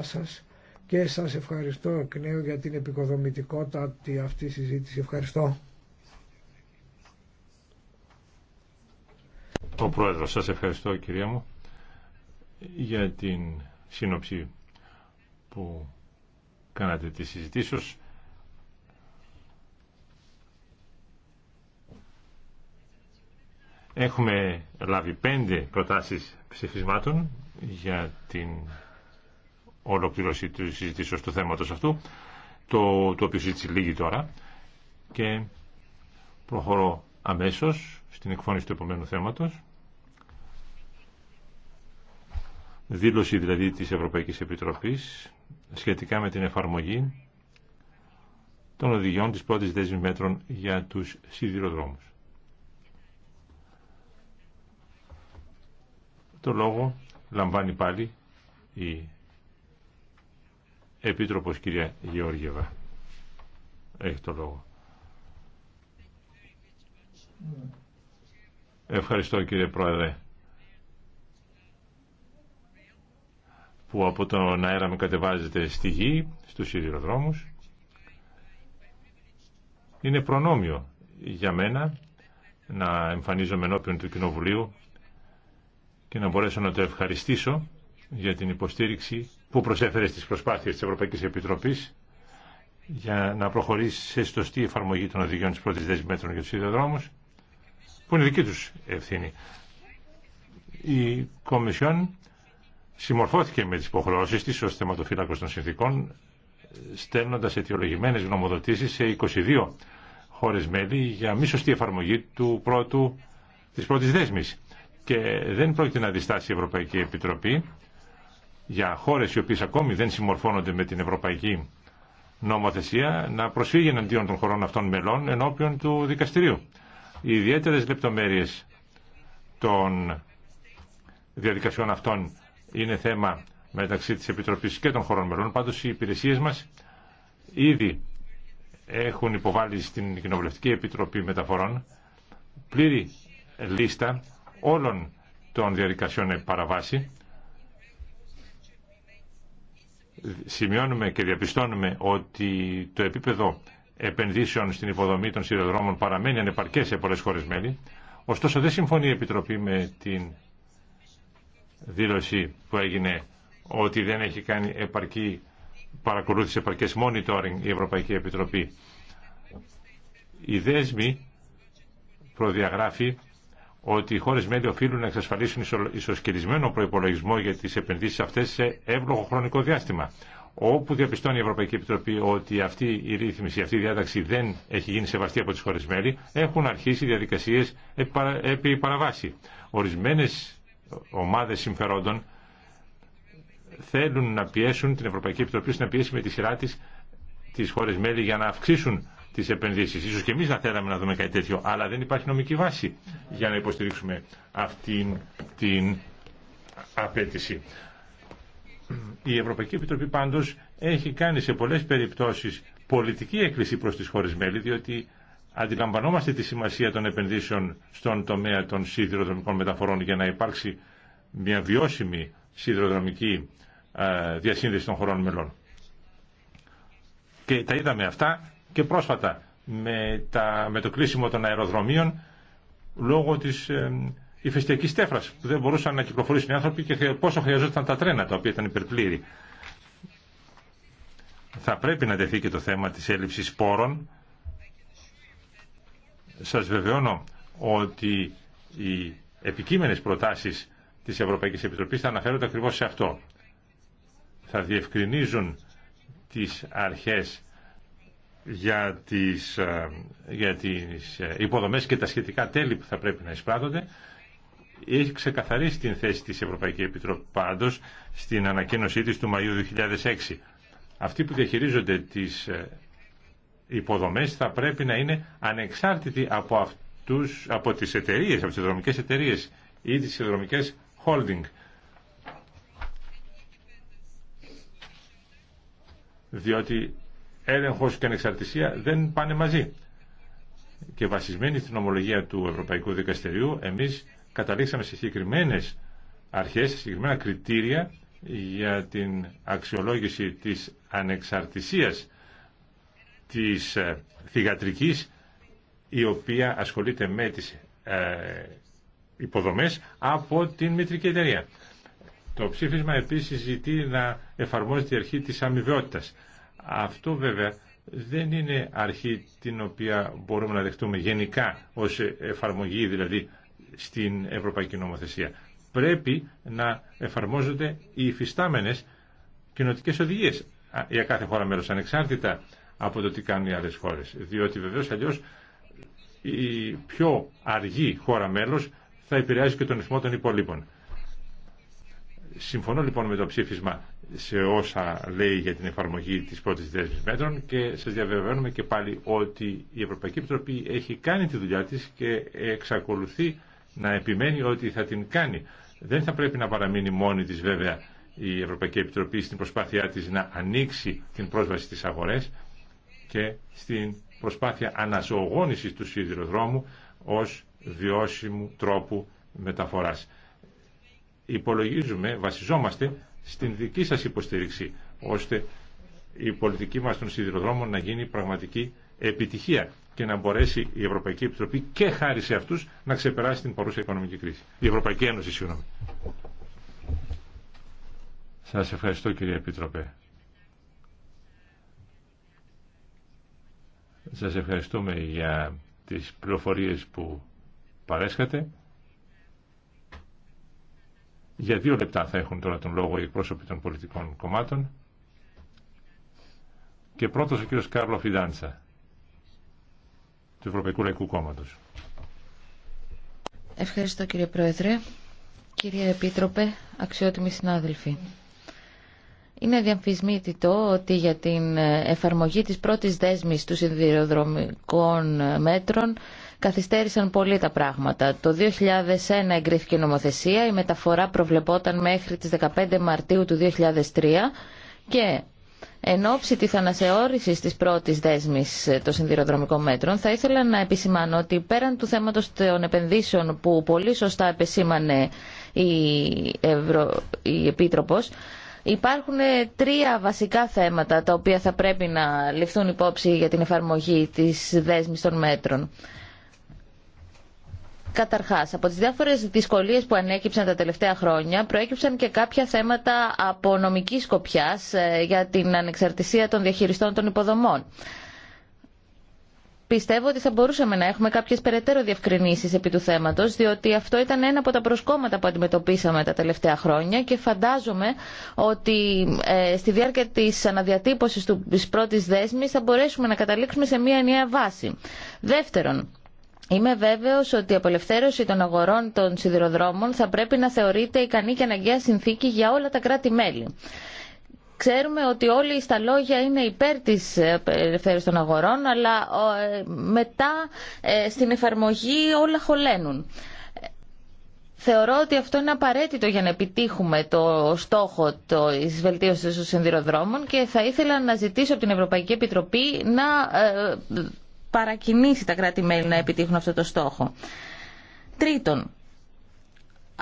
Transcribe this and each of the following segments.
σας και σας ευχαριστώ εκ νέου για την τη αυτή συζήτηση. Ευχαριστώ. Ο Πρόεδρος, σας ευχαριστώ κυρία μου για την σύνοψη που κάνατε τη συζητήσεως. Έχουμε λάβει πέντε προτάσεις ψηφισμάτων για την ολοκλήρωση τη συζήτηση του θέματο αυτού, το, το οποίο συζήτησε λίγη τώρα και προχωρώ αμέσω στην εκφώνηση του επομένου θέματος. Δήλωση δηλαδή τη Ευρωπαϊκή Επιτροπή σχετικά με την εφαρμογή των οδηγιών της πρώτης δέσμη μέτρων για τους σιδηροδρόμους. Το λόγο λαμβάνει πάλι η Επίτροπος κυρία Γεώργιεβα. Έχει το λόγο. Ευχαριστώ κύριε Πρόεδρε που από τον αέρα με κατεβάζετε στη γη, στους σιδηροδρόμους. Είναι προνόμιο για μένα να εμφανίζομαι ενώπιον του Κοινοβουλίου και να μπορέσω να το ευχαριστήσω για την υποστήριξη που προσέφερε στις προσπάθειες της Ευρωπαϊκής Επιτροπής για να προχωρήσει σε σωστή εφαρμογή των οδηγιών της πρώτης δέσμης μέτρων για τους σιδηροδρόμους, που είναι δική τους ευθύνη. Η Κομισιόν συμμορφώθηκε με τις υποχρεώσεις της ως θεματοφύλακος των συνθήκων, στέλνοντας αιτιολογημένες γνωμοδοτήσεις σε 22 χώρες μέλη για μη σωστή εφαρμογή του πρώτου, της πρώτης δέσμης. Και δεν πρόκειται να διστάσει η Ευρωπαϊκή Επιτροπή για χώρες οι οποίες ακόμη δεν συμμορφώνονται με την ευρωπαϊκή νομοθεσία να προσφύγει εναντίον των χωρών αυτών μελών ενώπιον του δικαστηρίου. Οι ιδιαίτερες λεπτομέρειες των διαδικασιών αυτών είναι θέμα μεταξύ της Επιτροπής και των χωρών μελών. Πάντως οι υπηρεσίες μας ήδη έχουν υποβάλει στην Κοινοβουλευτική Επιτροπή Μεταφορών πλήρη λίστα όλων των διαδικασιών παραβάση σημειώνουμε και διαπιστώνουμε ότι το επίπεδο επενδύσεων στην υποδομή των σιδηροδρόμων παραμένει ανεπαρκές σε πολλές χώρες μέλη. Ωστόσο δεν συμφωνεί η Επιτροπή με την δήλωση που έγινε ότι δεν έχει κάνει επαρκή παρακολούθηση, επαρκές monitoring η Ευρωπαϊκή Επιτροπή. Η δέσμη προδιαγράφει ότι οι χώρε μέλη οφείλουν να εξασφαλίσουν ισοσκελισμένο προπολογισμό για τι επενδύσει αυτέ σε εύλογο χρονικό διάστημα. Όπου διαπιστώνει η Ευρωπαϊκή Επιτροπή ότι αυτή η ρύθμιση, αυτή η διάταξη δεν έχει γίνει σεβαστή από τι χώρες μέλη, έχουν αρχίσει διαδικασίε επί παραβάση. Ορισμένες ομάδες συμφερόντων θέλουν να πιέσουν την Ευρωπαϊκή Επιτροπή να πιέσει με τη σειρά τη τις χώρες μέλη για να αυξήσουν τις επενδύσεις. Ίσως και εμείς να θέλαμε να δούμε κάτι τέτοιο, αλλά δεν υπάρχει νομική βάση για να υποστηρίξουμε αυτή την απέτηση. Η Ευρωπαϊκή Επιτροπή πάντως έχει κάνει σε πολλές περιπτώσεις πολιτική έκκληση προς τις χώρες μέλη, διότι αντιλαμβανόμαστε τη σημασία των επενδύσεων στον τομέα των σιδηροδρομικών μεταφορών για να υπάρξει μια βιώσιμη σιδηροδρομική ε, διασύνδεση των χωρών μελών. Και τα είδαμε αυτά και πρόσφατα με, τα, με το κλείσιμο των αεροδρομίων λόγω της ε, ηφαιστειακής που δεν μπορούσαν να κυκλοφορήσουν οι άνθρωποι και πόσο χρειαζόταν τα τρένα τα οποία ήταν υπερπλήρη. Θα πρέπει να τεθεί και το θέμα της έλλειψης πόρων. Σας βεβαιώνω ότι οι επικείμενες προτάσεις της Ευρωπαϊκής Επιτροπής θα αναφέρονται ακριβώς σε αυτό. Θα διευκρινίζουν τις αρχές για τις, ε, για τις ε, υποδομές και τα σχετικά τέλη που θα πρέπει να εισπράττονται έχει ξεκαθαρίσει την θέση της Ευρωπαϊκής Επιτροπής πάντως στην ανακοίνωσή της του Μαΐου 2006. Αυτοί που διαχειρίζονται τις ε, υποδομές θα πρέπει να είναι ανεξάρτητοι από, αυτούς, από τις εταιρείες, από τις δρομικές εταιρείες ή τις δρομικές holding. Διότι έλεγχος και ανεξαρτησία δεν πάνε μαζί. Και βασισμένη στην ομολογία του Ευρωπαϊκού Δικαστηριού, εμείς καταλήξαμε σε συγκεκριμένε αρχές, συγκεκριμένα κριτήρια για την αξιολόγηση της ανεξαρτησίας της ε, θηγατρικής η οποία ασχολείται με τις ε, υποδομές από την μητρική εταιρεία. Το ψήφισμα επίσης ζητεί να εφαρμόζεται η αρχή της αμοιβαιότητας. Αυτό βέβαια δεν είναι αρχή την οποία μπορούμε να δεχτούμε γενικά ως εφαρμογή δηλαδή στην Ευρωπαϊκή Νομοθεσία. Πρέπει να εφαρμόζονται οι υφιστάμενες κοινοτικές οδηγίες για κάθε χώρα μέλος ανεξάρτητα από το τι κάνουν οι άλλες χώρες. Διότι βεβαίως αλλιώς η πιο αργή χώρα μέλος θα επηρεάζει και τον ρυθμό των υπολείπων. Συμφωνώ λοιπόν με το ψήφισμα σε όσα λέει για την εφαρμογή της πρώτης δέσμης μέτρων και σας διαβεβαιώνουμε και πάλι ότι η Ευρωπαϊκή Επιτροπή έχει κάνει τη δουλειά της και εξακολουθεί να επιμένει ότι θα την κάνει. Δεν θα πρέπει να παραμείνει μόνη της βέβαια η Ευρωπαϊκή Επιτροπή στην προσπάθειά της να ανοίξει την πρόσβαση στις αγορές και στην προσπάθεια αναζωογόνησης του σιδηροδρόμου ως βιώσιμου τρόπου μεταφοράς. Υπολογίζουμε, βασιζόμαστε στην δική σας υποστήριξη, ώστε η πολιτική μας των σιδηροδρόμων να γίνει πραγματική επιτυχία και να μπορέσει η Ευρωπαϊκή Επιτροπή και χάρη σε αυτούς να ξεπεράσει την παρούσα οικονομική κρίση. Η Ευρωπαϊκή Ένωση, συγγνώμη. Σας ευχαριστώ κύριε Επίτροπε. Σας ευχαριστούμε για τις πληροφορίες που παρέσχατε. Για δύο λεπτά θα έχουν τώρα τον λόγο οι εκπρόσωποι των πολιτικών κομμάτων. Και πρώτος ο κύριος Κάρλο Φιντάντσα, του Ευρωπαϊκού Λαϊκού Κόμματος. Ευχαριστώ κύριε Πρόεδρε, κύριε Επίτροπε, αξιότιμοι συνάδελφοι. Είναι το ότι για την εφαρμογή της πρώτης δέσμης του συνδυοδρομικών μέτρων καθυστέρησαν πολύ τα πράγματα. Το 2001 εγκρίθηκε η νομοθεσία, η μεταφορά προβλεπόταν μέχρι τις 15 Μαρτίου του 2003 και Εν ώψη τη ανασεώρησης τη πρώτη δέσμη των συνδυροδρομικών μέτρων, θα ήθελα να επισημάνω ότι πέραν του θέματο των επενδύσεων που πολύ σωστά επεσήμανε η, Ευρω... η Επίτροπο, υπάρχουν τρία βασικά θέματα τα οποία θα πρέπει να ληφθούν υπόψη για την εφαρμογή τη δέσμη των μέτρων. Καταρχά, από τι διάφορε δυσκολίε που ανέκυψαν τα τελευταία χρόνια, προέκυψαν και κάποια θέματα από νομική σκοπιά ε, για την ανεξαρτησία των διαχειριστών των υποδομών. Πιστεύω ότι θα μπορούσαμε να έχουμε κάποιε περαιτέρω διευκρινήσει επί του θέματο, διότι αυτό ήταν ένα από τα προσκόμματα που αντιμετωπίσαμε τα τελευταία χρόνια και φαντάζομαι ότι ε, στη διάρκεια τη αναδιατύπωση τη πρώτη δέσμη θα μπορέσουμε να καταλήξουμε σε μία νέα βάση. Δεύτερον, Είμαι βέβαιο ότι η απελευθέρωση των αγορών των σιδηροδρόμων θα πρέπει να θεωρείται ικανή και αναγκαία συνθήκη για όλα τα κράτη-μέλη. Ξέρουμε ότι όλοι στα λόγια είναι υπέρ της ελευθέρωσης των αγορών, αλλά ε, μετά ε, στην εφαρμογή όλα χωλένουν. Θεωρώ ότι αυτό είναι απαραίτητο για να επιτύχουμε το στόχο της βελτίωσης των σιδηροδρόμων και θα ήθελα να ζητήσω από την Ευρωπαϊκή Επιτροπή να ε, παρακινήσει τα κράτη-μέλη να επιτύχουν αυτό το στόχο. Τρίτον,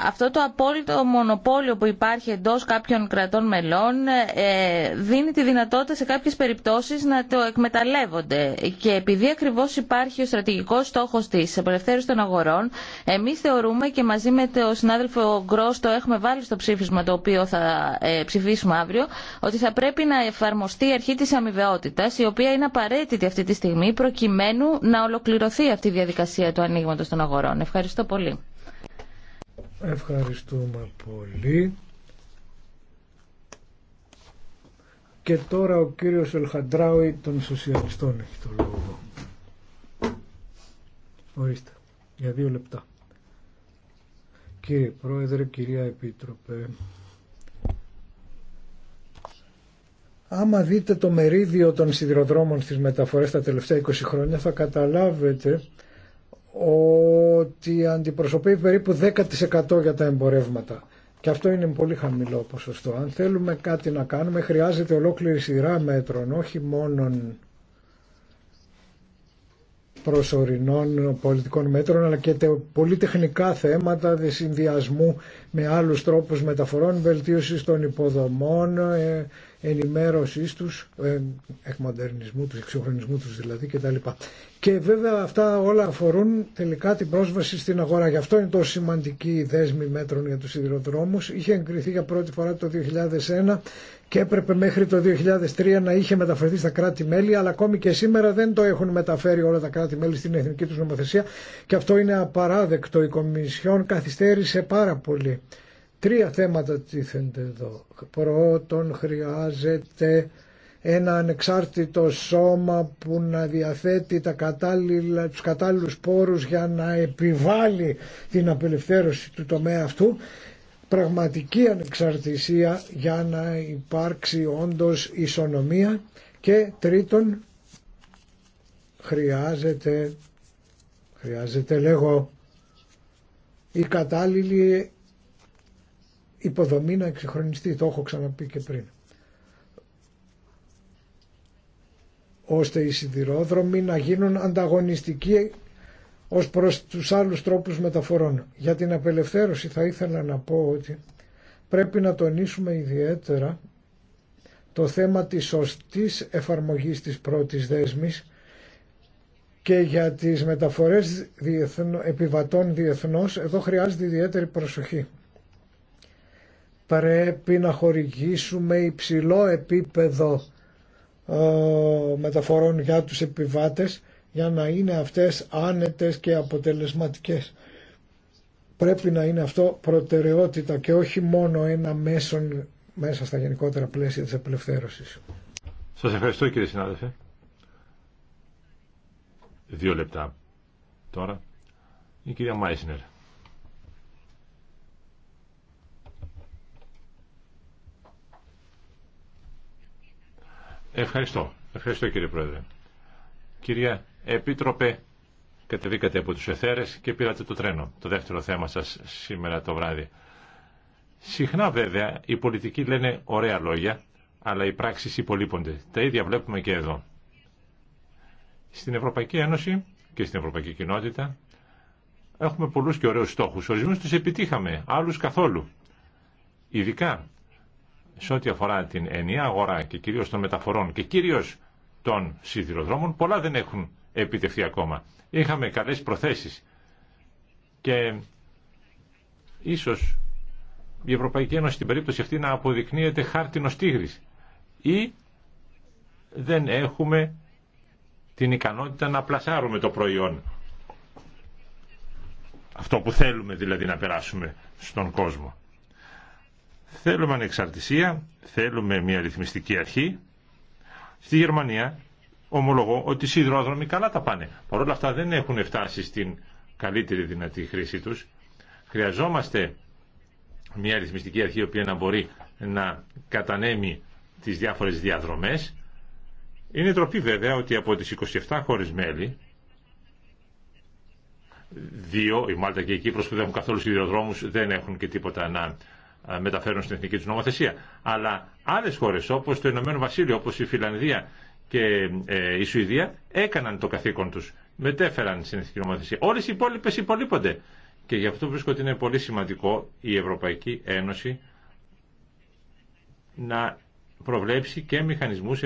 αυτό το απόλυτο μονοπόλιο που υπάρχει εντός κάποιων κρατών μελών ε, δίνει τη δυνατότητα σε κάποιες περιπτώσεις να το εκμεταλλεύονται. Και επειδή ακριβώς υπάρχει ο στρατηγικός στόχος της απελευθέρωσης των αγορών, εμείς θεωρούμε και μαζί με τον συνάδελφο Γκρός το έχουμε βάλει στο ψήφισμα το οποίο θα ε, ψηφίσουμε αύριο, ότι θα πρέπει να εφαρμοστεί η αρχή της αμοιβαιότητας, η οποία είναι απαραίτητη αυτή τη στιγμή προκειμένου να ολοκληρωθεί αυτή η διαδικασία του ανοίγματο των αγορών. Ευχαριστώ πολύ. Ευχαριστούμε πολύ. Και τώρα ο κύριος Ελχαντράουι των Σοσιαλιστών έχει το λόγο. Ορίστε, για δύο λεπτά. Κύριε Πρόεδρε, κυρία Επίτροπε, άμα δείτε το μερίδιο των σιδηροδρόμων στις μεταφορές τα τελευταία 20 χρόνια θα καταλάβετε ότι αντιπροσωπεύει περίπου 10% για τα εμπορεύματα. Και αυτό είναι πολύ χαμηλό ποσοστό. Αν θέλουμε κάτι να κάνουμε χρειάζεται ολόκληρη σειρά μέτρων, όχι μόνο προσωρινών πολιτικών μέτρων αλλά και πολύ τεχνικά θέματα συνδυασμού με άλλους τρόπους μεταφορών, βελτίωσης των υποδομών, ε, ενημέρωσής τους, ε, εκμοντερνισμού τους, εξυγχρονισμού τους δηλαδή κτλ. Και βέβαια αυτά όλα αφορούν τελικά την πρόσβαση στην αγορά. Γι' αυτό είναι τόσο σημαντική η δέσμη μέτρων για τους σιδηροδρόμους. Είχε εγκριθεί για πρώτη φορά το 2001 και έπρεπε μέχρι το 2003 να είχε μεταφερθεί στα κράτη-μέλη, αλλά ακόμη και σήμερα δεν το έχουν μεταφέρει όλα τα κράτη-μέλη στην εθνική τους νομοθεσία και αυτό είναι απαράδεκτο. Η Κομισιόν καθυστέρησε πάρα πολύ Τρία θέματα τίθενται εδώ. Πρώτον χρειάζεται ένα ανεξάρτητο σώμα που να διαθέτει τα κατάλληλα, τους κατάλληλους πόρους για να επιβάλλει την απελευθέρωση του τομέα αυτού πραγματική ανεξαρτησία για να υπάρξει όντως ισονομία και τρίτον χρειάζεται, χρειάζεται λέγω η κατάλληλη υποδομή να εξυγχρονιστεί, το έχω ξαναπεί και πριν. Ώστε οι σιδηρόδρομοι να γίνουν ανταγωνιστικοί ως προς τους άλλους τρόπους μεταφορών. Για την απελευθέρωση θα ήθελα να πω ότι πρέπει να τονίσουμε ιδιαίτερα το θέμα της σωστής εφαρμογής της πρώτης δέσμης και για τις μεταφορές επιβατών διεθνώς εδώ χρειάζεται ιδιαίτερη προσοχή πρέπει να χορηγήσουμε υψηλό επίπεδο ε, μεταφορών για τους επιβάτες για να είναι αυτές άνετες και αποτελεσματικές. Πρέπει να είναι αυτό προτεραιότητα και όχι μόνο ένα μέσον μέσα στα γενικότερα πλαίσια της απελευθέρωσης. Σας ευχαριστώ κύριε συνάδελφε. Δύο λεπτά τώρα. Η κυρία Μάισνερ. Ευχαριστώ. Ευχαριστώ κύριε Πρόεδρε. Κυρία Επίτροπε, κατεβήκατε από τους εθέρες και πήρατε το τρένο. Το δεύτερο θέμα σας σήμερα το βράδυ. Συχνά βέβαια οι πολιτικοί λένε ωραία λόγια, αλλά οι πράξεις υπολείπονται. Τα ίδια βλέπουμε και εδώ. Στην Ευρωπαϊκή Ένωση και στην Ευρωπαϊκή Κοινότητα έχουμε πολλούς και ωραίους στόχους. Ορισμούς τους επιτύχαμε, άλλους καθόλου. Ειδικά σε ό,τι αφορά την ενιαία αγορά και κυρίω των μεταφορών και κυρίω των σιδηροδρόμων, πολλά δεν έχουν επιτευχθεί ακόμα. Είχαμε καλέ προθέσεις και ίσω η Ευρωπαϊκή Ένωση στην περίπτωση αυτή να αποδεικνύεται χάρτινο τίγρη ή δεν έχουμε την ικανότητα να πλασάρουμε το προϊόν. Αυτό που θέλουμε δηλαδή να περάσουμε στον κόσμο. Θέλουμε ανεξαρτησία, θέλουμε μια ρυθμιστική αρχή. Στη Γερμανία ομολογώ ότι οι σιδηρόδρομοι καλά τα πάνε. Παρ' όλα αυτά δεν έχουν φτάσει στην καλύτερη δυνατή χρήση τους. Χρειαζόμαστε μια ρυθμιστική αρχή η οποία να μπορεί να κατανέμει τις διάφορες διαδρομές. Είναι τροπή βέβαια ότι από τις 27 χώρες μέλη, δύο, η Μάλτα και η Κύπρος που δεν έχουν καθόλου σιδηροδρόμους δεν έχουν και τίποτα να ε, μεταφέρουν στην εθνική του νομοθεσία. Αλλά άλλε χώρε όπω το Ηνωμένο Βασίλειο, όπω η Φιλανδία και ε, η Σουηδία έκαναν το καθήκον του. Μετέφεραν στην εθνική νομοθεσία. Όλε οι υπόλοιπε υπολείπονται. Και γι' αυτό βρίσκω ότι είναι πολύ σημαντικό η Ευρωπαϊκή Ένωση να προβλέψει και μηχανισμού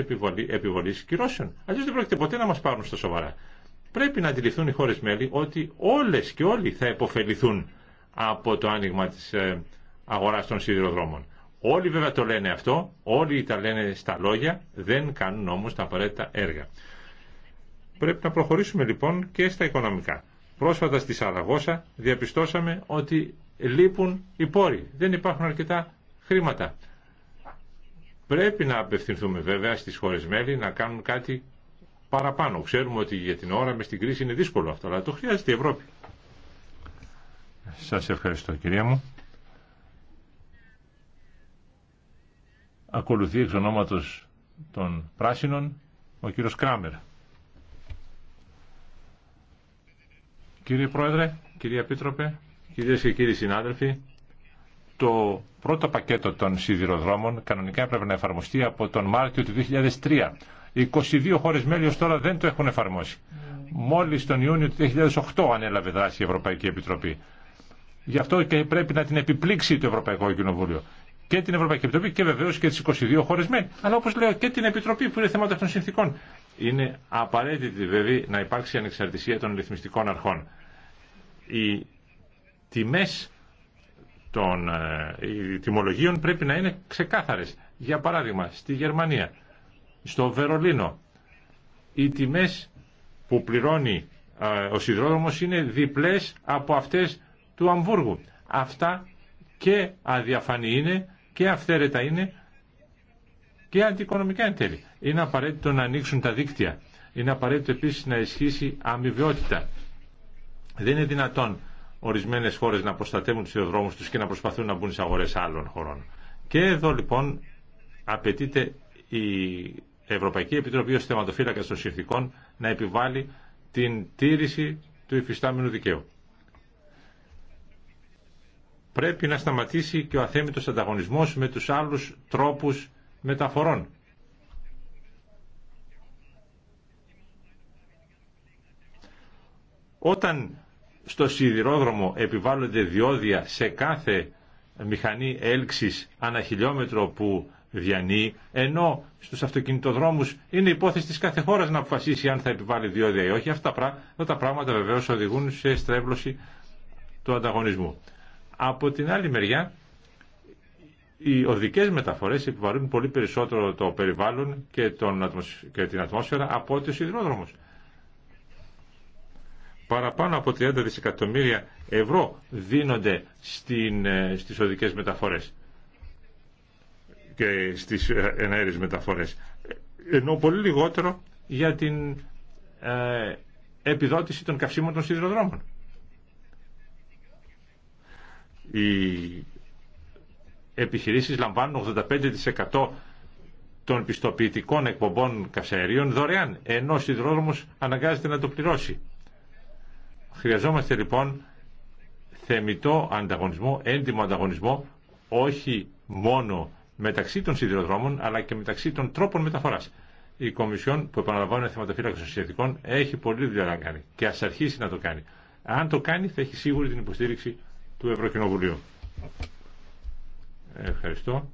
επιβολή κυρώσεων. Αλλιώ δεν πρόκειται ποτέ να μα πάρουν στα σοβαρά. Πρέπει να αντιληφθούν οι χώρε μέλη ότι όλε και όλοι θα υποφεληθούν από το άνοιγμα τη ε, Αγορά των σιδηροδρόμων. Όλοι βέβαια το λένε αυτό, όλοι τα λένε στα λόγια, δεν κάνουν όμως τα απαραίτητα έργα. Πρέπει να προχωρήσουμε λοιπόν και στα οικονομικά. Πρόσφατα στη Σαραγώσα διαπιστώσαμε ότι λείπουν οι πόροι, δεν υπάρχουν αρκετά χρήματα. Πρέπει να απευθυνθούμε βέβαια στις χώρες μέλη να κάνουν κάτι παραπάνω. Ξέρουμε ότι για την ώρα με στην κρίση είναι δύσκολο αυτό, αλλά το χρειάζεται η Ευρώπη. Σας ευχαριστώ κυρία μου. Ακολουθεί εξ ονόματος των Πράσινων ο κύριος Κράμερ. Κύριε Πρόεδρε, κύριε Επίτροπε, κυρίες και κύριοι συνάδελφοι, το πρώτο πακέτο των σιδηροδρόμων κανονικά έπρεπε να εφαρμοστεί από τον Μάρτιο του 2003. 22 χώρες μέλη ως τώρα δεν το έχουν εφαρμόσει. Μόλις τον Ιούνιο του 2008 ανέλαβε δράση η Ευρωπαϊκή Επιτροπή. Γι' αυτό και πρέπει να την επιπλήξει το Ευρωπαϊκό Κοινοβούλιο και την Ευρωπαϊκή Επιτροπή και βεβαίω και τι 22 χώρε μέν. Αλλά όπω λέω και την Επιτροπή που είναι θέμα των συνθήκων. Είναι απαραίτητη βέβαια να υπάρξει ανεξαρτησία των ρυθμιστικών αρχών. Οι τιμέ των ε, οι τιμολογίων πρέπει να είναι ξεκάθαρες. Για παράδειγμα, στη Γερμανία, στο Βερολίνο, οι τιμές που πληρώνει ε, ο σιδηρόδρομος είναι διπλές από αυτές του Αμβούργου. Αυτά και αδιαφανή είναι και αυθαίρετα είναι και αντικονομικά εν τέλει. Είναι απαραίτητο να ανοίξουν τα δίκτυα. Είναι απαραίτητο επίση να ισχύσει αμοιβαιότητα. Δεν είναι δυνατόν ορισμένε χώρε να προστατεύουν του ιδιοδρόμους του και να προσπαθούν να μπουν στι αγορέ άλλων χωρών. Και εδώ λοιπόν απαιτείται η Ευρωπαϊκή Επιτροπή ω θεματοφύλακα των συνθηκών να επιβάλλει την τήρηση του υφιστάμενου δικαίου πρέπει να σταματήσει και ο αθέμητος ανταγωνισμός με τους άλλους τρόπους μεταφορών. Όταν στο σιδηρόδρομο επιβάλλονται διόδια σε κάθε μηχανή έλξης ανά χιλιόμετρο που διανύει, ενώ στους αυτοκινητοδρόμους είναι υπόθεση της κάθε χώρας να αποφασίσει αν θα επιβάλλει διόδια ή όχι. Αυτά τα πράγματα βεβαίως οδηγούν σε στρέβλωση του ανταγωνισμού. Από την άλλη μεριά, οι οδικές μεταφορές επιβαρύνουν πολύ περισσότερο το περιβάλλον και, τον και την ατμόσφαιρα από ό,τι ο σιδηρόδρομος. Παραπάνω από 30 δισεκατομμύρια ευρώ δίνονται στην, ε, στις οδικές μεταφορές και στις ε, εναέρειες μεταφορές. Ενώ πολύ λιγότερο για την ε, επιδότηση των καυσίμων των σιδηροδρόμων. Οι επιχειρήσεις λαμβάνουν 85% των πιστοποιητικών εκπομπών καυσαερίων δωρεάν, ενώ ο σιδηρόδρομος αναγκάζεται να το πληρώσει. Χρειαζόμαστε λοιπόν θεμητό ανταγωνισμό, έντιμο ανταγωνισμό, όχι μόνο μεταξύ των σιδηροδρόμων, αλλά και μεταξύ των τρόπων μεταφοράς. Η Κομισιόν, που επαναλαμβάνει είναι θεματοφύλακα των σχετικών έχει πολλή δουλειά να κάνει και ας αρχίσει να το κάνει. Αν το κάνει, θα έχει σίγουρη την υποστήριξη του Ευρωκοινοβουλίου. Ευχαριστώ.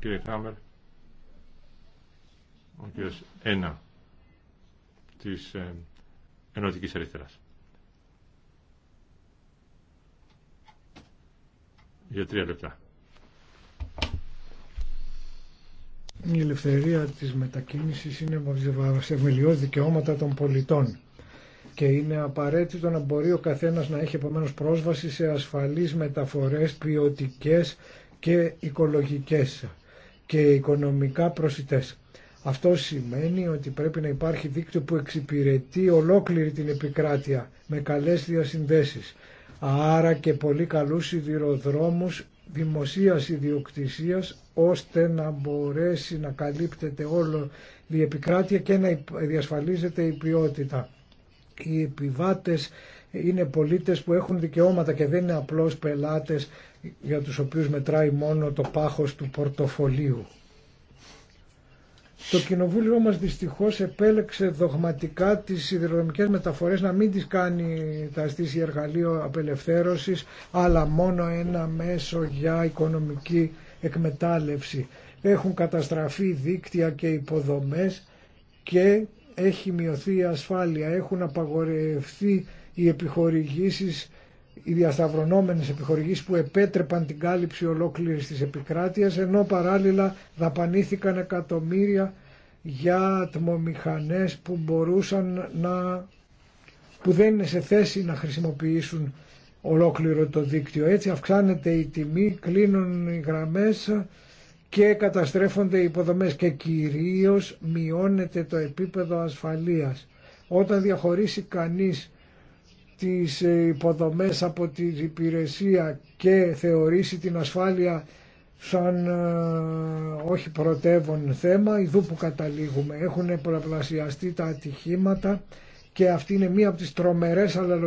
Κύριε Κράμερ, ο κύριος Ένα της ε, Ενωτικής Αριστεράς. Για τρία λεπτά. Η ελευθερία της μετακίνησης είναι από τα δικαιώματα των πολιτών και είναι απαραίτητο να μπορεί ο καθένας να έχει επομένως πρόσβαση σε ασφαλείς μεταφορές ποιοτικές και οικολογικές και οικονομικά προσιτές. Αυτό σημαίνει ότι πρέπει να υπάρχει δίκτυο που εξυπηρετεί ολόκληρη την επικράτεια με καλές διασυνδέσεις. Άρα και πολύ καλούς σιδηροδρόμους δημοσίας ιδιοκτησίας ώστε να μπορέσει να καλύπτεται όλο η επικράτεια και να διασφαλίζεται η ποιότητα οι επιβάτες είναι πολίτες που έχουν δικαιώματα και δεν είναι απλώς πελάτες για τους οποίους μετράει μόνο το πάχος του πορτοφολίου. Το κοινοβούλιο μας δυστυχώς επέλεξε δογματικά τις σιδηροδρομικές μεταφορές να μην τις κάνει τα στήσει εργαλείο απελευθέρωσης αλλά μόνο ένα μέσο για οικονομική εκμετάλλευση. Έχουν καταστραφεί δίκτυα και υποδομές και έχει μειωθεί η ασφάλεια, έχουν απαγορευτεί οι επιχορηγήσεις, οι διασταυρωνόμενες επιχορηγήσεις που επέτρεπαν την κάλυψη ολόκληρης της επικράτειας, ενώ παράλληλα δαπανήθηκαν εκατομμύρια για ατμομηχανές που μπορούσαν να που δεν είναι σε θέση να χρησιμοποιήσουν ολόκληρο το δίκτυο. Έτσι αυξάνεται η τιμή, κλείνουν οι γραμμές και καταστρέφονται οι υποδομές και κυρίως μειώνεται το επίπεδο ασφαλείας. Όταν διαχωρίσει κανείς τις ε, υποδομές από την υπηρεσία και θεωρήσει την ασφάλεια σαν ε, όχι πρωτεύον θέμα, ειδού που καταλήγουμε. Έχουν πολλαπλασιαστεί τα ατυχήματα και αυτή είναι μία από τις τρομερές αλλά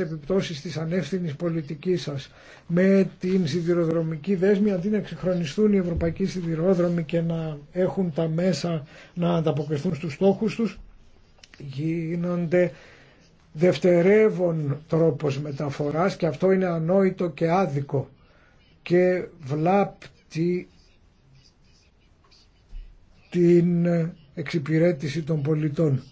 επιπτώσεις της ανεύθυνης πολιτικής σας. Με την σιδηροδρομική δέσμη αντί να εξυγχρονιστούν οι ευρωπαϊκοί σιδηρόδρομοι και να έχουν τα μέσα να ανταποκριθούν στους στόχους τους, γίνονται δευτερεύον τρόπος μεταφοράς και αυτό είναι ανόητο και άδικο και βλάπτει την εξυπηρέτηση των πολιτών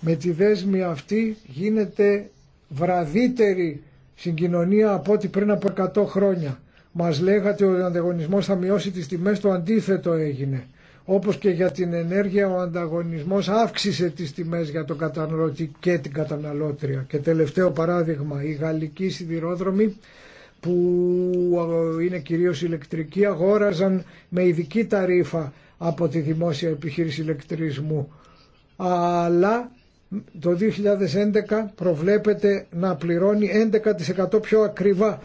με τη δέσμη αυτή γίνεται βραδύτερη συγκοινωνία από ό,τι πριν από 100 χρόνια. Μας λέγατε ότι ο ανταγωνισμός θα μειώσει τις τιμές, το αντίθετο έγινε. Όπως και για την ενέργεια ο ανταγωνισμός αύξησε τις τιμές για τον καταναλωτή και την καταναλώτρια. Και τελευταίο παράδειγμα, η γαλλική σιδηρόδρομοι που είναι κυρίως ηλεκτρικοί αγόραζαν με ειδική ταρίφα από τη δημόσια επιχείρηση ηλεκτρισμού αλλά το 2011 προβλέπεται να πληρώνει 11% πιο ακριβά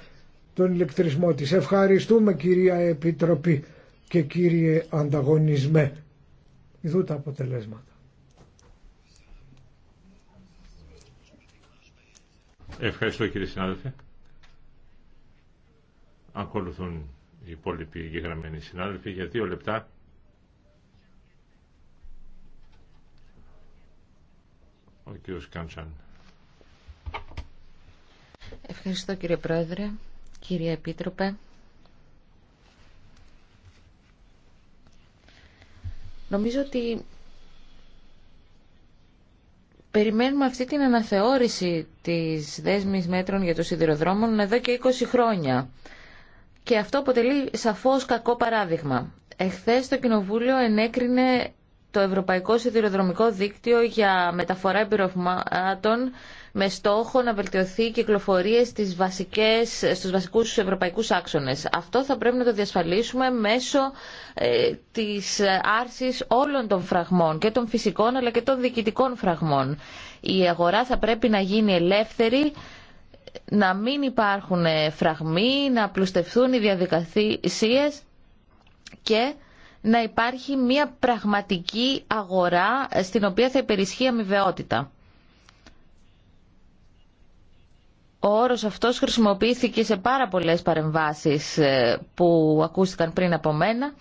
τον ηλεκτρισμό της. Ευχαριστούμε κυρία Επιτροπή και κύριε Ανταγωνισμέ. Ιδού τα αποτελέσματα. Ευχαριστώ κύριε συνάδελφε. Ακολουθούν οι υπόλοιποι γεγραμμένοι συνάδελφοι για δύο λεπτά. Ευχαριστώ κύριε Πρόεδρε, κύριε Επίτροπε. Νομίζω ότι περιμένουμε αυτή την αναθεώρηση της δέσμης μέτρων για τους σιδηροδρόμων εδώ και 20 χρόνια. Και αυτό αποτελεί σαφώς κακό παράδειγμα. Εχθές το Κοινοβούλιο ενέκρινε το Ευρωπαϊκό Σιδηροδρομικό Δίκτυο για μεταφορά επιρρουμάτων με στόχο να βελτιωθεί η κυκλοφορία στις βασικές, στους βασικούς ευρωπαϊκούς άξονες. Αυτό θα πρέπει να το διασφαλίσουμε μέσω ε, της άρσης όλων των φραγμών και των φυσικών αλλά και των διοικητικών φραγμών. Η αγορά θα πρέπει να γίνει ελεύθερη να μην υπάρχουν φραγμοί, να απλουστευτούν οι διαδικασίες και να υπάρχει μια πραγματική αγορά στην οποία θα υπερισχύει αμοιβαιότητα. Ο όρος αυτός χρησιμοποιήθηκε σε πάρα πολλές παρεμβάσεις ε, που ακούστηκαν πριν από μένα.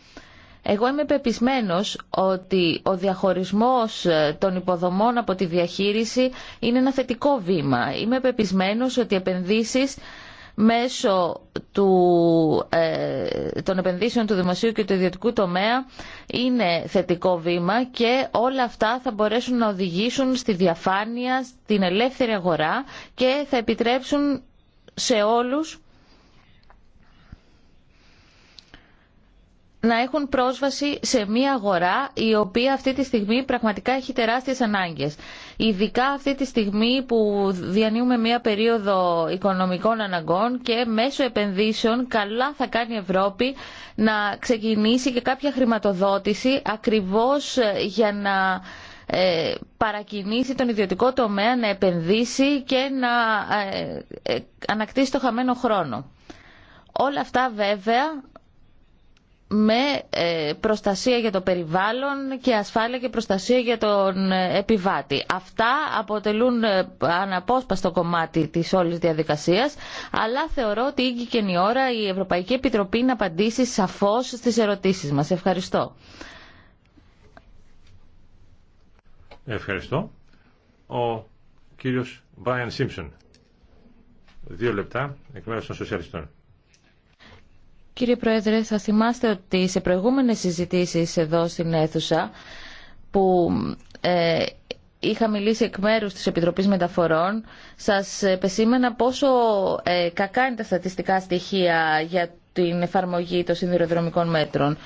Εγώ είμαι πεπισμένος ότι ο διαχωρισμός ε, των υποδομών από τη διαχείριση είναι ένα θετικό βήμα. Είμαι πεπισμένος ότι οι επενδύσεις μέσω του, ε, των επενδύσεων του δημοσίου και του ιδιωτικού τομέα είναι θετικό βήμα και όλα αυτά θα μπορέσουν να οδηγήσουν στη διαφάνεια, στην ελεύθερη αγορά και θα επιτρέψουν σε όλους να έχουν πρόσβαση σε μια αγορά η οποία αυτή τη στιγμή πραγματικά έχει τεράστιες ανάγκες. Ειδικά αυτή τη στιγμή που διανύουμε μια περίοδο οικονομικών αναγκών και μέσω επενδύσεων καλά θα κάνει η Ευρώπη να ξεκινήσει και κάποια χρηματοδότηση ακριβώς ε, για να ε, παρακινήσει τον ιδιωτικό τομέα να επενδύσει και να ε, ανακτήσει το χαμένο χρόνο. Όλα αυτά βέβαια με ε, προστασία για το περιβάλλον και ασφάλεια και προστασία για τον ε, επιβάτη. Αυτά αποτελούν ε, αναπόσπαστο κομμάτι της όλης διαδικασίας, αλλά θεωρώ ότι ήγηκε και η ώρα η Ευρωπαϊκή Επιτροπή να απαντήσει σαφώς στις ερωτήσεις μας. Ευχαριστώ. Ευχαριστώ. Ο κύριος Μπράιαν Σίμψον. Δύο λεπτά εκ μέρους των σοσιαλιστών. Κύριε Πρόεδρε, θα θυμάστε ότι σε προηγούμενες συζητήσεις εδώ στην αίθουσα που ε, είχα μιλήσει εκ μέρους της Επιτροπής Μεταφορών σας επεσήμενα πόσο ε, κακά είναι τα στατιστικά στοιχεία για την εφαρμογή των σιδηροδρομικών μέτρων.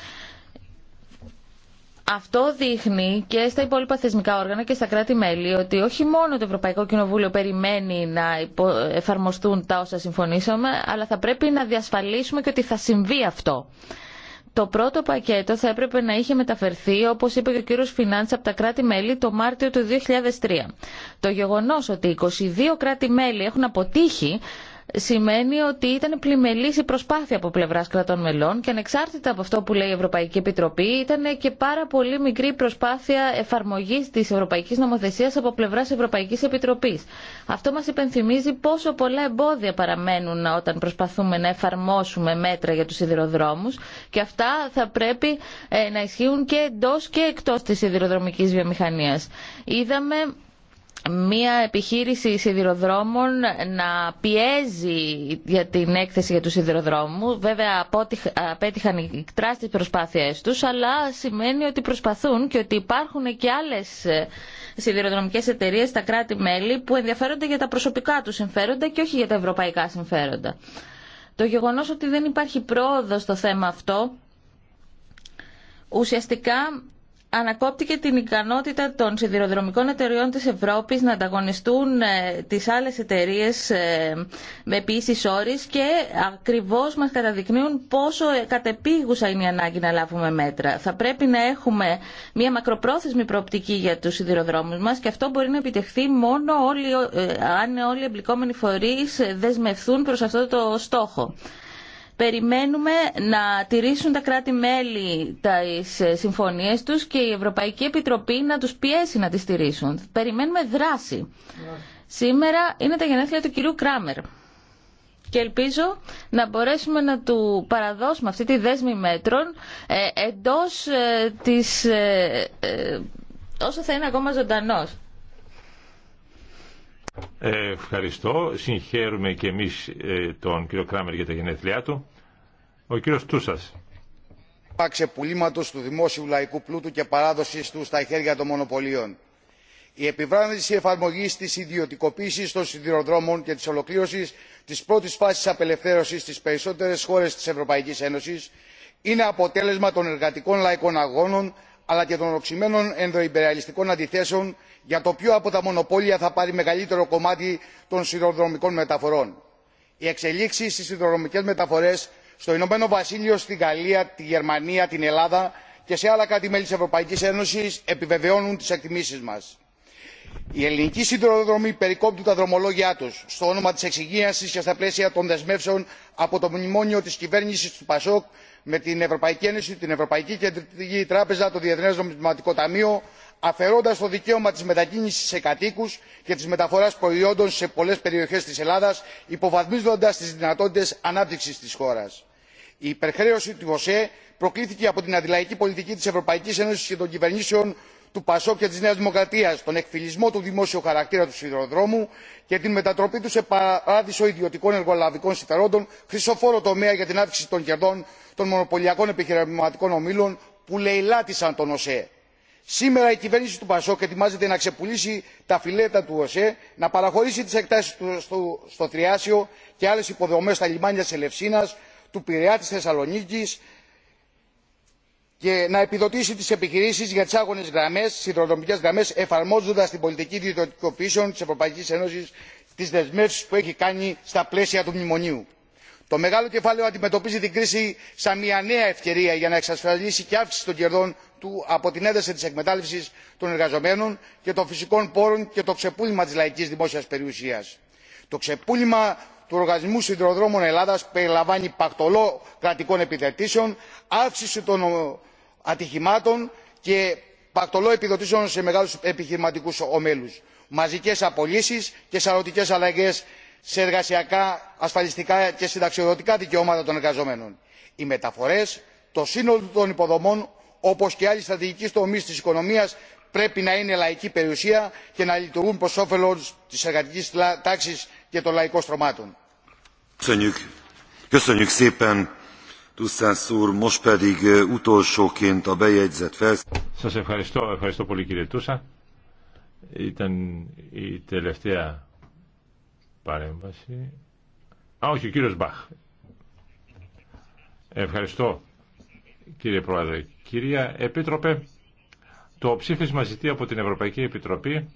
Αυτό δείχνει και στα υπόλοιπα θεσμικά όργανα και στα κράτη-μέλη ότι όχι μόνο το Ευρωπαϊκό Κοινοβούλιο περιμένει να εφαρμοστούν τα όσα συμφωνήσαμε, αλλά θα πρέπει να διασφαλίσουμε και ότι θα συμβεί αυτό. Το πρώτο πακέτο θα έπρεπε να είχε μεταφερθεί, όπως είπε και ο κύριος Φινάντς, από τα κράτη-μέλη το Μάρτιο του 2003. Το γεγονός ότι 22 κράτη-μέλη έχουν αποτύχει σημαίνει ότι ήταν πλημελή η προσπάθεια από πλευρά κρατών μελών και ανεξάρτητα από αυτό που λέει η Ευρωπαϊκή Επιτροπή ήταν και πάρα πολύ μικρή προσπάθεια εφαρμογή τη Ευρωπαϊκή Νομοθεσία από πλευρά Ευρωπαϊκή Επιτροπής. Αυτό μα υπενθυμίζει πόσο πολλά εμπόδια παραμένουν όταν προσπαθούμε να εφαρμόσουμε μέτρα για του σιδηροδρόμους και αυτά θα πρέπει ε, να ισχύουν και εντό και εκτό τη σιδηροδρομικής βιομηχανία. Είδαμε μία επιχείρηση σιδηροδρόμων να πιέζει για την έκθεση για τους σιδηροδρόμους. Βέβαια απέτυχαν τεράστιες προσπάθειές τους, αλλά σημαίνει ότι προσπαθούν και ότι υπάρχουν και άλλες ε, σιδηροδρομικές εταιρείες στα κράτη-μέλη που ενδιαφέρονται για τα προσωπικά τους συμφέροντα και όχι για τα ευρωπαϊκά συμφέροντα. Το γεγονός ότι δεν υπάρχει πρόοδο στο θέμα αυτό ουσιαστικά Ανακόπτηκε την ικανότητα των σιδηροδρομικών εταιριών της Ευρώπης να ανταγωνιστούν ε, τις άλλες εταιρείες ε, με ποιήσεις όρης και ακριβώς μας καταδεικνύουν πόσο ε, κατεπίγουσα είναι η ανάγκη να λάβουμε μέτρα. Θα πρέπει να έχουμε μια μακροπρόθεσμη προοπτική για τους σιδηροδρόμους μας και αυτό μπορεί να επιτευχθεί μόνο αν όλοι οι εμπλικόμενοι φορείς δεσμευθούν προς αυτό το στόχο. Περιμένουμε να τηρήσουν τα κράτη-μέλη τις ε, συμφωνίε τους και η Ευρωπαϊκή Επιτροπή να τους πιέσει να τις τηρήσουν. Περιμένουμε δράση. Σήμερα είναι τα γενέθλια του κυρίου Κράμερ και ελπίζω να μπορέσουμε να του παραδώσουμε αυτή τη δέσμη μέτρων ε, εντός ε, της... όσο θα είναι ακόμα ζωντανός. Ε, ευχαριστώ. Συγχαίρουμε και εμείς ε, τον κύριο Κράμερ για τα γενέθλιά του. Ο κύριος Τούσας. πουλήματος του δημόσιου λαϊκού πλούτου και παράδοσης του στα χέρια των μονοπωλίων. Η επιβράδυνση εφαρμογή της ιδιωτικοποίηση των σιδηροδρόμων και της ολοκλήρωσης της πρώτης φάσης απελευθέρωσης στι περισσότερε χώρε της Ευρωπαϊκή Ένωση είναι αποτέλεσμα των εργατικών λαϊκών αγώνων αλλά και των οξυμένων ενδοϊμπεριαλιστικών αντιθέσεων για το ποιο από τα μονοπόλια θα πάρει μεγαλύτερο κομμάτι των σιδηροδρομικών μεταφορών. οι εξελίξει στι σιδηροδρομικέ μεταφορέ στο ηνωμένο βασίλειο στη γαλλία τη γερμανία την ελλάδα και σε άλλα κράτη μέλη τη ευρωπαϊκή ένωση επιβεβαιώνουν τι εκτιμήσει μα. οι ελληνικοί σιδηροδρόμοι περικόπτουν τα δρομολόγια του στο όνομα τη εξυγίανση και στα πλαίσια των δεσμεύσεων από το μνημόνιο τη κυβέρνηση του πασόκ με την ευρωπαϊκή ένωση την ευρωπαϊκή κεντρική τράπεζα το διεθνές νομισματικό ταμείο αφαιρώντας το δικαίωμα της μετακίνησης σε κατοίκου και της μεταφοράς προϊόντων σε πολλές περιοχές της ελλάδας υποβαθμίζοντα τις δυνατότητες ανάπτυξης της χώρας. η υπερχρέωση του οσέ προκλήθηκε από την αντιλαϊκή πολιτική τη ευρωπαϊκής ένωσης και των κυβερνήσεων του πασόκ και της νέας δημοκρατίας τον εκφυλισμό του δημόσιου χαρακτήρα του σιδηροδρόμου και την μετατροπή του σε παράδεισο ιδιωτικών εργολαβικών συμφερόντων χρυσόφορο τομέα για την αύξηση των κερδών των μονοπωλιακών επιχειρηματικών ομίλων που λαιλάτισαν τον οσε. σήμερα η κυβέρνηση του πασόκ ετοιμάζεται να ξεπουλήσει τα φιλέτα του οσε να παραχωρήσει τις εκτάσεις του στο θριάσιο και άλλες υποδομές στα λιμάνια της ελευσίνας του πειραιά της θεσσαλονίκης και να επιδοτήσει τις επιχειρήσεις για τις άγονες γραμμές, σιδηροδρομικές γραμμές, εφαρμόζοντας την πολιτική ιδιωτικοποιήσεων της Ευρωπαϊκής Ένωσης στις δεσμεύσεις που έχει κάνει στα πλαίσια του Μνημονίου. Το μεγάλο κεφάλαιο αντιμετωπίζει την κρίση σαν μια νέα ευκαιρία για να εξασφαλίσει και αύξηση των κερδών του από την ένταση της εκμετάλλευσης των εργαζομένων και των φυσικών πόρων και το ξεπούλημα της λαϊκής δημόσιας περιουσίας. Το ξεπούλημα του οργανισμού σιδηροδρόμων ελλάδας περιλαμβάνει πακτολό κρατικών επιθετήσεων αύξηση των ε, ατυχημάτων και πακτολό επιδοτήσεων σε μεγάλους επιχειρηματικούς ομίλους μαζικές απολύσεις και σαρωτικές αλλαγές σε εργασιακά ασφαλιστικά και συνταξιοδοτικά δικαιώματα των εργαζομένων. οι μεταφορές το σύνολο των υποδομών όπως και άλλοι στρατηγικοί τομείς της οικονομίας πρέπει να είναι λαϊκή περιουσία και να λειτουργούν προ όφελο τη εργατική τάξη και των λαϊκών στρωμάτων. Σας ευχαριστώ, ευχαριστώ πολύ κύριε Τούσα. Ήταν η τελευταία παρέμβαση. Α, όχι, ο κύριος Μπαχ. Ευχαριστώ κύριε Πρόεδρε. Κυρία Επίτροπε, το ψήφισμα ζητεί από την Ευρωπαϊκή Επιτροπή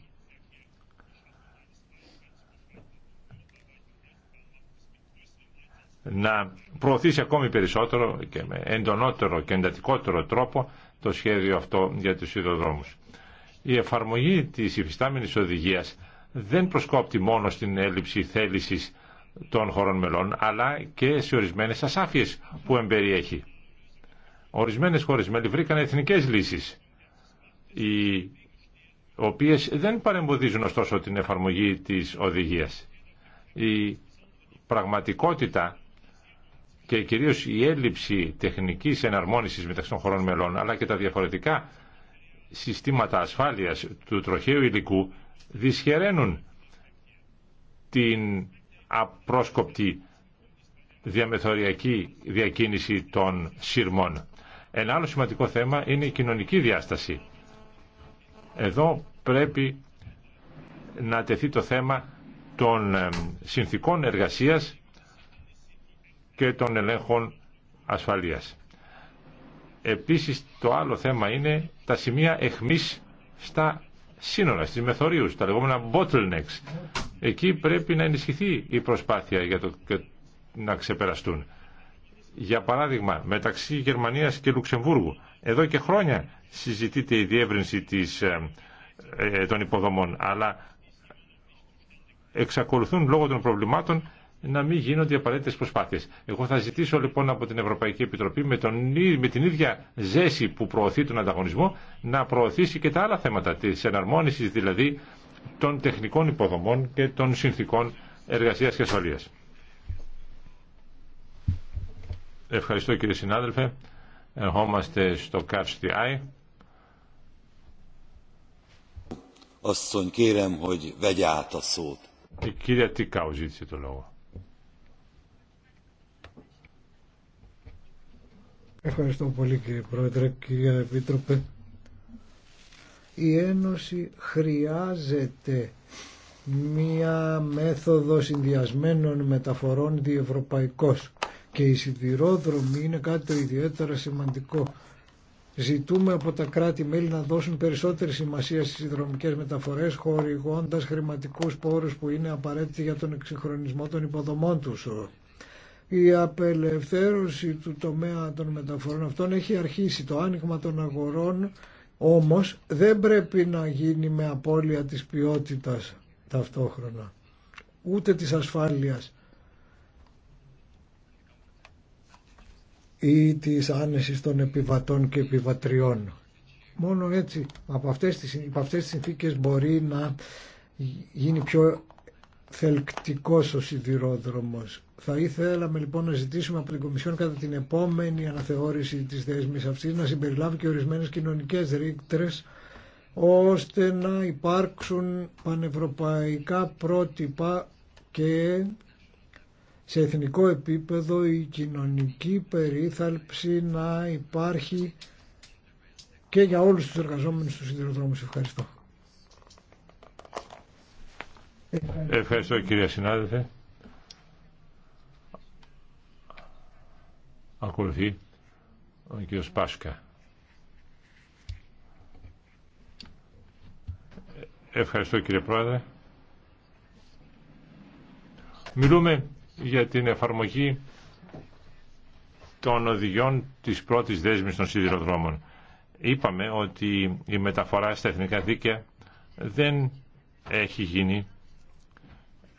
να προωθήσει ακόμη περισσότερο και με εντονότερο και εντατικότερο τρόπο το σχέδιο αυτό για τους υδροδρόμους. Η εφαρμογή της υφιστάμενης οδηγίας δεν προσκόπτει μόνο στην έλλειψη θέλησης των χωρών μελών, αλλά και σε ορισμένες ασάφειες που εμπεριέχει. Ορισμένες χώρες μέλη βρήκαν εθνικές λύσεις, οι οποίες δεν παρεμποδίζουν ωστόσο την εφαρμογή της οδηγίας. Η πραγματικότητα και κυρίως η έλλειψη τεχνικής εναρμόνισης μεταξύ των χωρών μελών αλλά και τα διαφορετικά συστήματα ασφάλειας του τροχαίου υλικού δυσχεραίνουν την απρόσκοπτη διαμεθοριακή διακίνηση των σύρμων. Ένα άλλο σημαντικό θέμα είναι η κοινωνική διάσταση. Εδώ πρέπει να τεθεί το θέμα των συνθήκων εργασίας και των ελέγχων ασφαλείας. Επίσης το άλλο θέμα είναι τα σημεία εχμής στα σύνορα, στις μεθορίους, τα λεγόμενα bottlenecks. Εκεί πρέπει να ενισχυθεί η προσπάθεια για το, να ξεπεραστούν. Για παράδειγμα, μεταξύ Γερμανίας και Λουξεμβούργου. Εδώ και χρόνια συζητείται η διεύρυνση ε, ε, των υποδομών, αλλά εξακολουθούν λόγω των προβλημάτων να μην γίνονται οι απαραίτητε προσπάθειε. Εγώ θα ζητήσω λοιπόν από την Ευρωπαϊκή Επιτροπή με, τον, με την ίδια ζέση που προωθεί τον ανταγωνισμό να προωθήσει και τα άλλα θέματα τη εναρμόνιση δηλαδή των τεχνικών υποδομών και των συνθήκων εργασία και ασφαλεία. Ευχαριστώ κύριε συνάδελφε. Ερχόμαστε στο Catch Η κυρία Τικάου ζήτησε το λόγο. Ευχαριστώ πολύ κύριε Πρόεδρε, κύριε Επίτροπε. Η Ένωση χρειάζεται μία μέθοδο συνδυασμένων μεταφορών διευρωπαϊκός και η σιδηρόδρομη είναι κάτι το ιδιαίτερα σημαντικό. Ζητούμε από τα κράτη-μέλη να δώσουν περισσότερη σημασία στις συνδρομικές μεταφορές χορηγώντας χρηματικούς πόρους που είναι απαραίτητοι για τον εξυγχρονισμό των υποδομών τους. Η απελευθέρωση του τομέα των μεταφορών αυτών έχει αρχίσει. Το άνοιγμα των αγορών όμως δεν πρέπει να γίνει με απώλεια της ποιότητας ταυτόχρονα, ούτε της ασφάλειας ή της άνεσης των επιβατών και επιβατριών. Μόνο έτσι, από αυτές τις, από αυτές τις συνθήκες μπορεί να γίνει πιο θελκτικός ο σιδηρόδρομος. Θα ήθελαμε λοιπόν να ζητήσουμε από την Κομισιόν κατά την επόμενη αναθεώρηση της δέσμης αυτής να συμπεριλάβει και ορισμένες κοινωνικές ρήκτρες ώστε να υπάρξουν πανευρωπαϊκά πρότυπα και σε εθνικό επίπεδο η κοινωνική περίθαλψη να υπάρχει και για όλους τους εργαζόμενους του σιδηροδρόμους. Ευχαριστώ. Ευχαριστώ κύριε συνάδελφε. Ακολουθεί ο κύριος Πάσκα. Ευχαριστώ κύριε Πρόεδρε. Μιλούμε για την εφαρμογή των οδηγιών της πρώτης δέσμης των σιδηροδρόμων. Είπαμε ότι η μεταφορά στα εθνικά δίκαια δεν έχει γίνει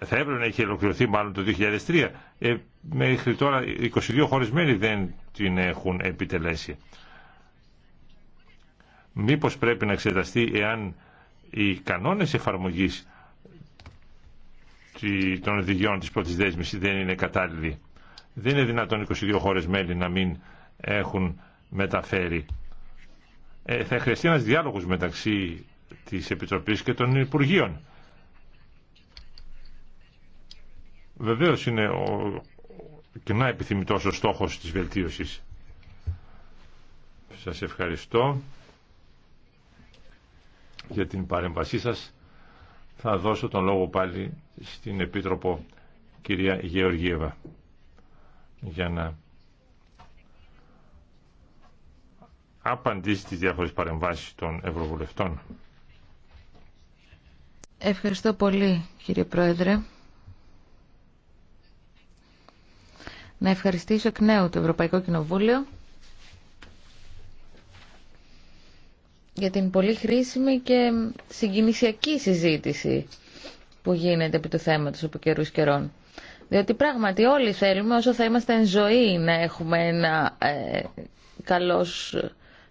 θα έπρεπε να έχει ολοκληρωθεί μάλλον το 2003. Ε, μέχρι τώρα 22 μέλη δεν την έχουν επιτελέσει. Μήπως πρέπει να εξεταστεί εάν οι κανόνες εφαρμογής των οδηγιών της πρώτης δέσμης δεν είναι κατάλληλοι. Δεν είναι δυνατόν 22 χώρες μέλη να μην έχουν μεταφέρει. Ε, θα χρειαστεί ένας διάλογος μεταξύ της Επιτροπής και των Υπουργείων. Βεβαίω είναι ο κοινά επιθυμητό ο στόχος της βελτίωσης. Σας ευχαριστώ για την παρέμβασή σας. Θα δώσω τον λόγο πάλι στην Επίτροπο κυρία Γεωργίευα για να απαντήσει τις διάφορες παρεμβάσεις των Ευρωβουλευτών. Ευχαριστώ πολύ κύριε Πρόεδρε. να ευχαριστήσω εκ νέου το Ευρωπαϊκό Κοινοβούλιο για την πολύ χρήσιμη και συγκινησιακή συζήτηση που γίνεται επί του θέματος από καιρού καιρών. Διότι πράγματι όλοι θέλουμε όσο θα είμαστε εν ζωή να έχουμε ένα ε, καλός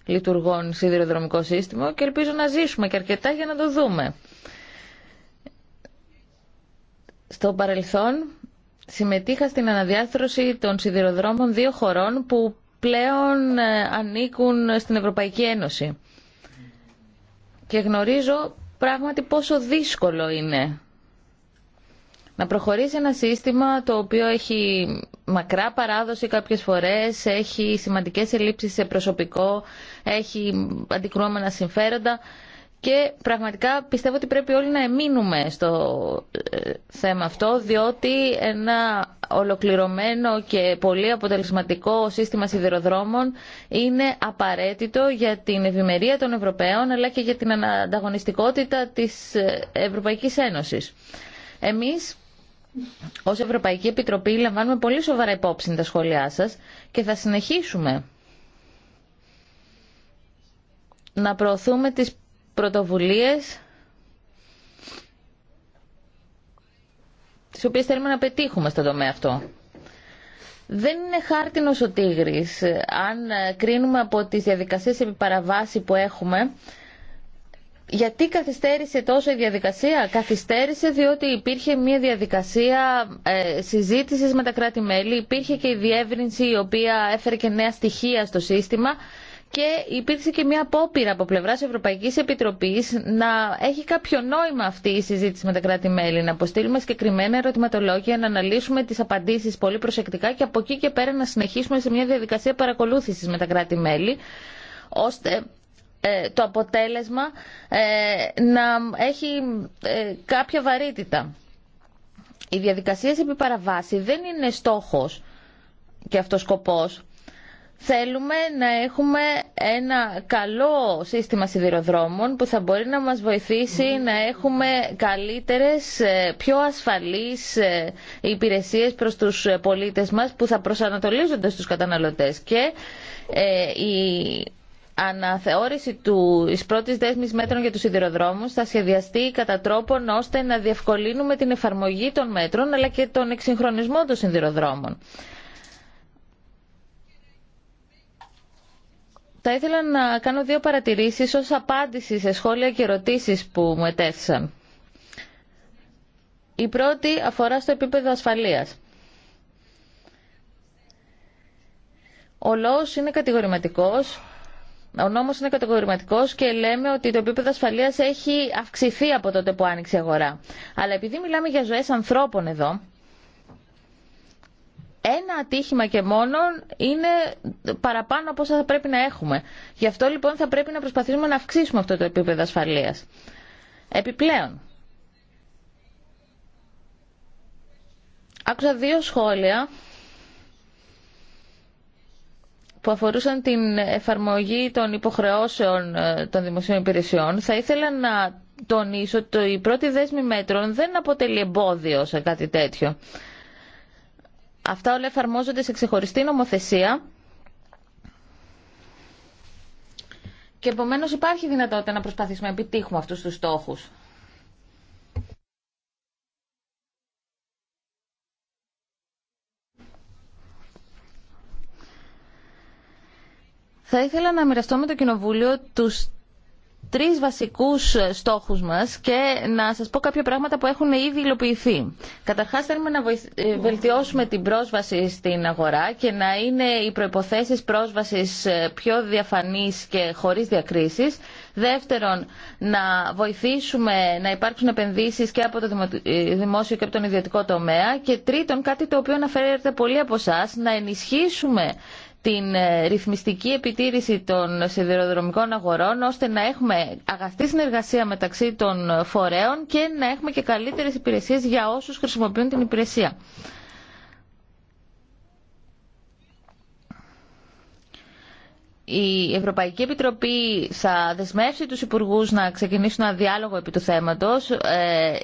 λειτουργών σιδηροδρομικό σύστημα και ελπίζω να ζήσουμε και αρκετά για να το δούμε. Στο παρελθόν συμμετείχα στην αναδιάρθρωση των σιδηροδρόμων δύο χωρών που πλέον ε, ανήκουν στην Ευρωπαϊκή Ένωση. Και γνωρίζω πράγματι πόσο δύσκολο είναι να προχωρήσει ένα σύστημα το οποίο έχει μακρά παράδοση κάποιες φορές, έχει σημαντικές ελλείψεις σε προσωπικό, έχει αντικρουόμενα συμφέροντα. Και πραγματικά πιστεύω ότι πρέπει όλοι να εμείνουμε στο ε, θέμα αυτό, διότι ένα ολοκληρωμένο και πολύ αποτελεσματικό σύστημα σιδηροδρόμων είναι απαραίτητο για την ευημερία των Ευρωπαίων, αλλά και για την ανταγωνιστικότητα της ε, Ευρωπαϊκής Ένωσης. Εμείς ως Ευρωπαϊκή Επιτροπή λαμβάνουμε πολύ σοβαρά υπόψη τα σχόλιά σας και θα συνεχίσουμε να προωθούμε τις πρωτοβουλίες τις οποίες θέλουμε να πετύχουμε στον τομέα αυτό. Δεν είναι χάρτινος ο τίγρης. Αν κρίνουμε από τις διαδικασίες επιπαραβάση που έχουμε, γιατί καθυστέρησε τόσο η διαδικασία. Καθυστέρησε διότι υπήρχε μια διαδικασία ε, συζήτησης με τα κράτη-μέλη, υπήρχε και η διεύρυνση η οποία έφερε και νέα στοιχεία στο σύστημα και υπήρξε και μια απόπειρα από πλευρά Ευρωπαϊκή Επιτροπή να έχει κάποιο νόημα αυτή η συζήτηση με τα κράτη-μέλη, να αποστείλουμε συγκεκριμένα ερωτηματολόγια, να αναλύσουμε τι απαντήσει πολύ προσεκτικά και από εκεί και πέρα να συνεχίσουμε σε μια διαδικασία παρακολούθηση με τα κράτη-μέλη, ώστε ε, το αποτέλεσμα ε, να έχει ε, κάποια βαρύτητα. Οι διαδικασίε επί δεν είναι στόχο και αυτό σκοπό. Θέλουμε να έχουμε ένα καλό σύστημα σιδηροδρόμων που θα μπορεί να μας βοηθήσει να έχουμε καλύτερες, ε, πιο ασφαλείς ε, υπηρεσίες προς τους πολίτες μας που θα προσανατολίζονται στους καταναλωτές. Και ε, η αναθεώρηση του πρώτης δέσμης μέτρων για τους σιδηροδρόμους θα σχεδιαστεί κατά τρόπον ώστε να διευκολύνουμε την εφαρμογή των μέτρων αλλά και τον εξυγχρονισμό των σιδηροδρόμων. Θα ήθελα να κάνω δύο παρατηρήσεις ως απάντηση σε σχόλια και ερωτήσεις που μου ετέθησαν. Η πρώτη αφορά στο επίπεδο ασφαλείας. Ο λόγος είναι κατηγορηματικός, ο νόμος είναι κατηγορηματικός και λέμε ότι το επίπεδο ασφαλείας έχει αυξηθεί από τότε που άνοιξε η αγορά. Αλλά επειδή μιλάμε για ζωές ανθρώπων εδώ, ένα ατύχημα και μόνο είναι παραπάνω από όσα θα πρέπει να έχουμε. Γι' αυτό λοιπόν θα πρέπει να προσπαθήσουμε να αυξήσουμε αυτό το επίπεδο ασφαλείας. Επιπλέον, άκουσα δύο σχόλια που αφορούσαν την εφαρμογή των υποχρεώσεων ε, των δημοσίων υπηρεσιών. Θα ήθελα να τονίσω ότι η πρώτη δέσμη μέτρων δεν αποτελεί εμπόδιο σε κάτι τέτοιο. Αυτά όλα εφαρμόζονται σε ξεχωριστή νομοθεσία και επομένω υπάρχει δυνατότητα να προσπαθήσουμε να επιτύχουμε αυτούς τους στόχους. Θα ήθελα να μοιραστώ με το Κοινοβούλιο τους τρεις βασικούς στόχους μας και να σας πω κάποια πράγματα που έχουν ήδη υλοποιηθεί. Καταρχάς θέλουμε να ε, βελτιώσουμε την πρόσβαση στην αγορά και να είναι οι προϋποθέσεις πρόσβασης ε, πιο διαφανείς και χωρίς διακρίσεις. Δεύτερον, να βοηθήσουμε να υπάρξουν επενδύσεις και από το ε, δημόσιο και από τον ιδιωτικό τομέα. Και τρίτον, κάτι το οποίο αναφέρεται πολύ από εσά, να ενισχύσουμε την ε, ρυθμιστική επιτήρηση των σιδηροδρομικών αγορών ώστε να έχουμε αγαστή συνεργασία μεταξύ των φορέων και να έχουμε και καλύτερες υπηρεσίες για όσους χρησιμοποιούν την υπηρεσία. η Ευρωπαϊκή Επιτροπή θα δεσμεύσει τους Υπουργούς να ξεκινήσουν ένα διάλογο επί του θέματος. Ε,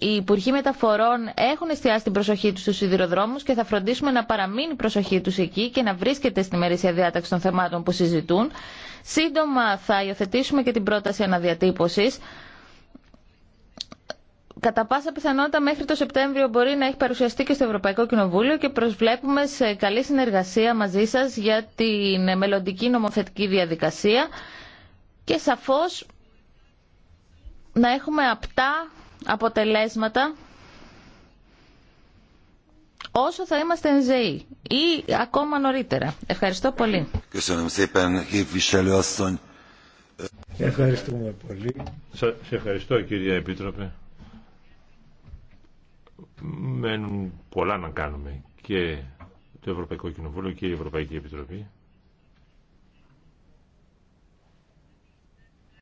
οι Υπουργοί Μεταφορών έχουν εστιάσει την προσοχή του στου σιδηροδρόμου και θα φροντίσουμε να παραμείνει η προσοχή του εκεί και να βρίσκεται στη μερίσια διάταξη των θεμάτων που συζητούν. Σύντομα θα υιοθετήσουμε και την πρόταση αναδιατύπωση. Κατά πάσα πιθανότητα μέχρι το Σεπτέμβριο μπορεί να έχει παρουσιαστεί και στο Ευρωπαϊκό Κοινοβούλιο και προσβλέπουμε σε καλή συνεργασία μαζί σας για την μελλοντική νομοθετική διαδικασία και σαφώς να έχουμε απτά αποτελέσματα όσο θα είμαστε εν ζωή ή ακόμα νωρίτερα. Ευχαριστώ πολύ. Ευχαριστούμε πολύ. Σε ευχαριστώ κυρία Επίτροπε. Μένουν πολλά να κάνουμε και το Ευρωπαϊκό Κοινοβούλιο και η Ευρωπαϊκή Επιτροπή.